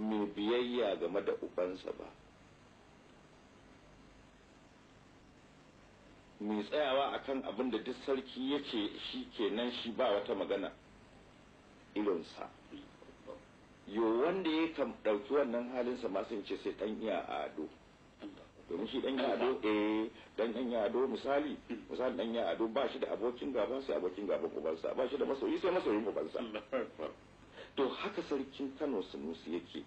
mai biyayya game da ubansa ba mai tsayawa akan abin da duk sarki yake shi kenan shi ba wata magana ilonsa yo wanda ya kan ɗauki wannan halinsa masu ce sai ɗan iya ado domin shi ɗan ado eh ɗan ado misali misali ɗan ado ba shi da abokin gaba sai abokin gaban ubansa ba shi da masoyi sai masoyin ubansa to haka sarkin kano musu yake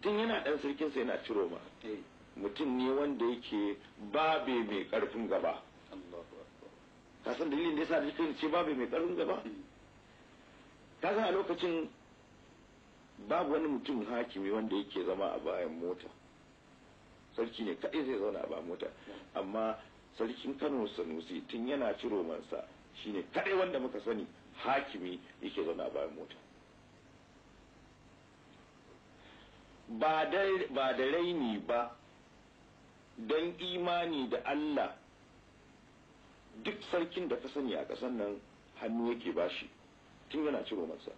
tun yana ɗan sa yana ciro ma eh. mutum ne wanda yake babe mai ƙarfin gaba kasan dalilin da yasa da kan ce babe mai ƙarfin gaba hmm. kasan a lokacin babu wani mutum hakimi wanda yake zama a bayan mota sarki ne kaɗai zai zauna a bayan mota hmm. amma sarkin kano sanusi tun yana ciro mansa shine kaɗai wanda muka sani hakimi yake zauna a bayan mota ba da raini ba don imani da Allah duk sarkin da ka sani a ƙasar nan hannu yake bashi tun yana ciro masa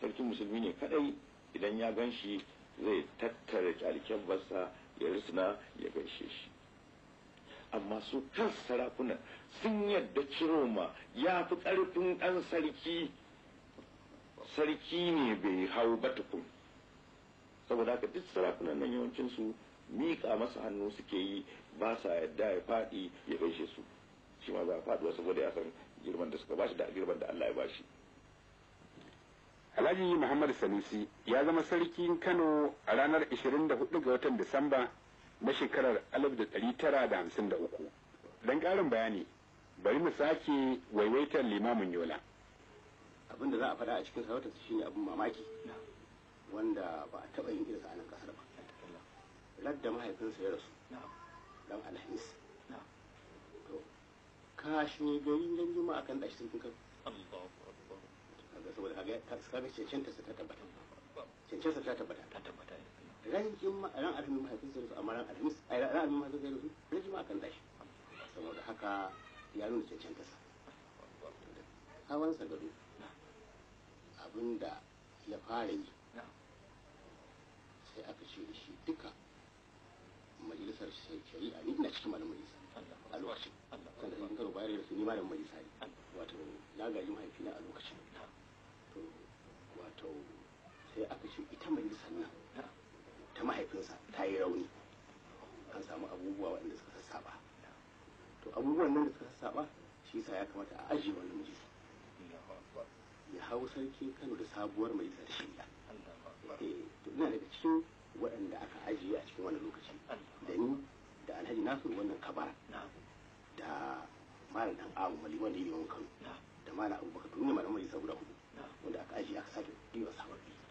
sarkin musulmi ne kadai idan ya gan shi zai tattara kyaliken basa ya risna ya gaishe shi amma su kan sarakunan sun yadda ciroma ya fi ƙarfin ɗan sarki sarki ne bai hau ba tukun saboda haka duk sarakunan nan yawancin su miƙa masa hannu suke yi ba sa yadda ya faɗi ya gaishe su shi ma za a faɗuwa saboda ya san girman da suka bashi da girman da Allah ya bashi Alhaji Muhammad Sanusi ya zama sarkin Kano a ranar 24 ga watan Disamba na shekarar 1953 don karin bayani bari mu sake waiwaitar limamin yola abin da za a faɗa a cikin sarautarsa shine abin mamaki wanda ba a taɓa yin irinsa a nan ƙasar ba radda mahaifinsa ya rasu dan alhamis to kashin gari don juma'a akan ɗashi sun kan kaga saboda kaga kaga cancanta sa ta tabbata cancanta ta tabbata ta tabbata ran juma'a ran alhamis mahaifinsa ya rasu amma ran alhamis ran alhamis mahaifinsa ya rasu ran juma'a kan ɗashi saboda haka ya nuna cancanta sa hawansa gado abin da ya fara yi sai aka ce da shi duka majalisar shari'a a nuna cikin malin majalisa a lokacin sanda in karo bayar da su ni malam majalisa ne wato na gaji mahaifina a lokacin wato sai aka ce ita majalisar nan ta mahaifinsa ta yi rauni an samu abubuwa waɗanda suka sassaba to abubuwan nan da suka sassaba shi sa ya kamata a ajiye wannan majalisa ya hau sarkin kano da sabuwar mai tsarshin eh, ya ina daga cikin waɗanda aka ajiye a cikin wani lokaci da ni da alhaji nasu wannan kabara da malam dan abu mali wanda yi yawan kano da malam abubakar tuni mara mai saboda hudu wanda aka ajiye aka sake yi wa biyu.